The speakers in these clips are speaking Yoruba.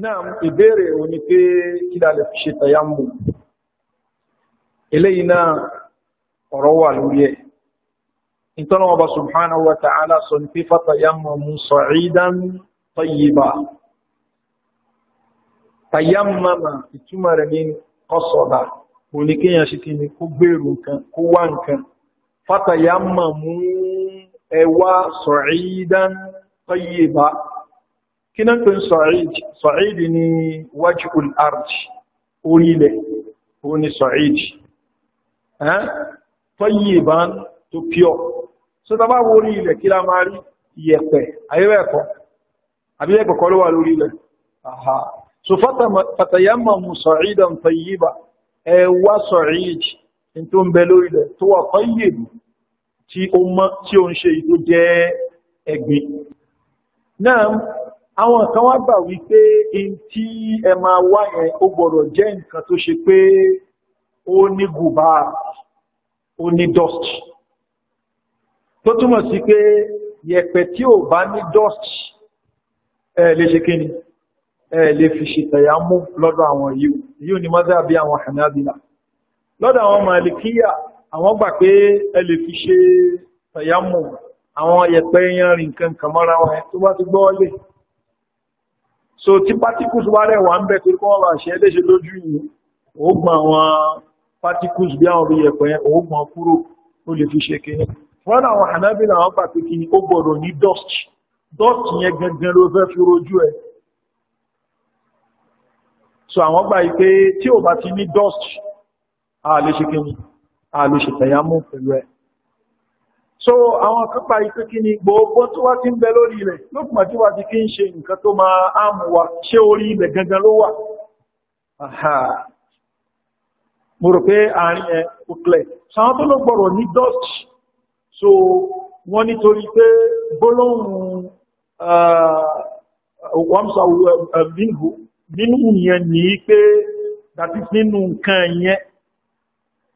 náà ìbéèrè ò ní pé kí la lè fi ṣe tàyàmù eléyìí náà ọ̀rọ̀ wà lórí ẹ̀ ìtọ́nà ọba subhanahu wa ta'ala sọ ní pé fatayammamu sa'idan tayyiba tayammama ìtumọ̀ rẹ̀ ní qasada kò ní kíyàn ṣe kí ni kó gbèrú nǹkan kó wá nǹkan fatayammamu ẹwà sa'idan tayyiba kí náà pín sa'id sa'id ni wajhul ard orí ilẹ̀ ó ní sa'id tayyiban tó pure so ta bá wo orí ilẹ̀ kí lá máa rí iyẹ̀pẹ̀ ayẹ́wẹ̀kọ́ àbí ẹ̀pẹ̀ kọ́ ló wà lórí ilẹ̀ aha so fatayammamu sa'idan àwọn kan wá gbà wípé in tí ẹ máa wá yẹn ó gbọ́dọ̀ jẹ́ nǹkan tó ṣe pé ó ní gùbá ó ní dust tó túmọ̀ sí pé yẹ̀pẹ̀ tí ò bá ní dust ẹ lè ṣe kí ni ẹ lè fi ṣètẹ̀yà mú lọ́dọ̀ àwọn yìí yìí ni mọ́dá bí àwọn Hanabila lọ́dọ̀ àwọn Malikiya àwọn gbà pé ẹ lè fi ṣe tẹ̀yà mú àwọn yẹ̀pẹ̀ yẹn rìn kankan mọ́ra wọn tó bá ti gbọ́ lè so tí particles wá rẹ̀ wà ń bẹ̀ torí kọ́wọ́ bá ṣe léṣe lójú ìlú ògbọ̀n àwọn particles bí àwọn ìyẹ̀pẹ̀ ògbọ̀n kúrò ó lè fi ṣe kí wọ́n àwọn hanabila àwọn pàtí kí ó gbọ́dọ̀ ní dust dust yẹn gangan ló fẹ́ fi rojú ẹ̀ so àwọn gbà pé tí ò bá ti ní dust a lè ṣe kí a lè ṣe tẹ̀yàmú pẹ̀lú ẹ̀ so àwọn kan parí pé kí ni gbogbo tó wá ti ń bẹ lórí rẹ̀ lókùnmà tí wà ti kí ń ṣe nǹkan tó máa áàmù wa ṣé orí ibẹ̀ gangan ló wà mo rò pé àárín ẹ òkèlẹ̀ sáwọn tó ló gbọ́rọ̀ ní dutch so wọ́n nítorí pé gbólóhùn ah, wọ́n sọ eh, eh, nínú yẹn ní pé dàbí nínú nǹkan yẹn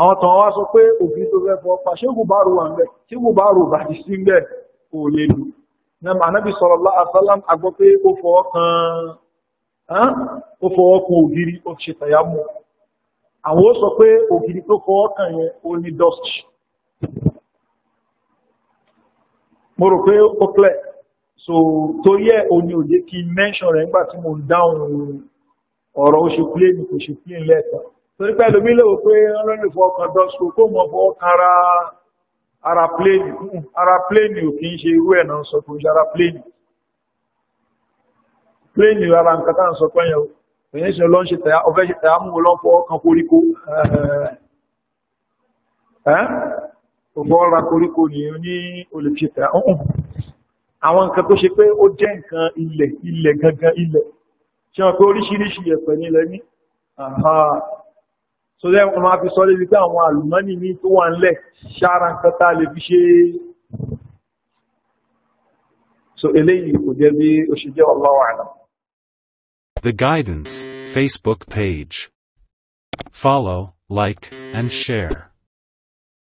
àwọn tàn wá sọ pé òfin tó fẹ́ fọ́ pa ṣé gùbárù wà ń bẹ̀ tí gùbárù bá ti sí bẹ̀ kò lè lù nàmà anábì sallallahu alaihi wasallam àgbọ́ pé ó fọwọ́ kan ó fọwọ́ kan ògiri ó ṣe tàyà mú àwọn ó sọ pé ògiri tó fọwọ́ kan yẹn ó ní dust mo rò pé ó clear so torí ẹ̀ o ní òjé kí torí pẹ́ lómi lówó pé ọlọ́lùfọ́ ọkàn dọ́sù kó mọ̀ fọ́ ara ara pléènì hmm, ara pléènì ò kí ń ṣe irú ẹ̀ sọ kò ń ṣe ara pléènì pléènì ara nǹkan tá sọ pẹ́yẹ o èyàn ṣe ṣe tẹ̀yà ọ̀fẹ́ ṣe tẹ̀yà mú lọ́n ọkàn ni ó ní olùṣe tẹ̀yà ọ̀hún hmm, hmm. àwọn nǹkan tó ṣe pé ó jẹ́ nǹkan ilẹ̀ ilẹ̀ gangan ilẹ̀ ṣe wọn pé oríṣiríṣi ẹ̀pẹ̀ nílẹ̀ ní so wọ́n máa fi sọ lé wípé àwọn àlùmọ́nì ní tó wà ńlẹ̀ ṣára nǹkan tá lè fi ṣe so eléyìí kò sara le fi ó ṣe jẹ́ The Guidance Facebook page. Follow, like, and share.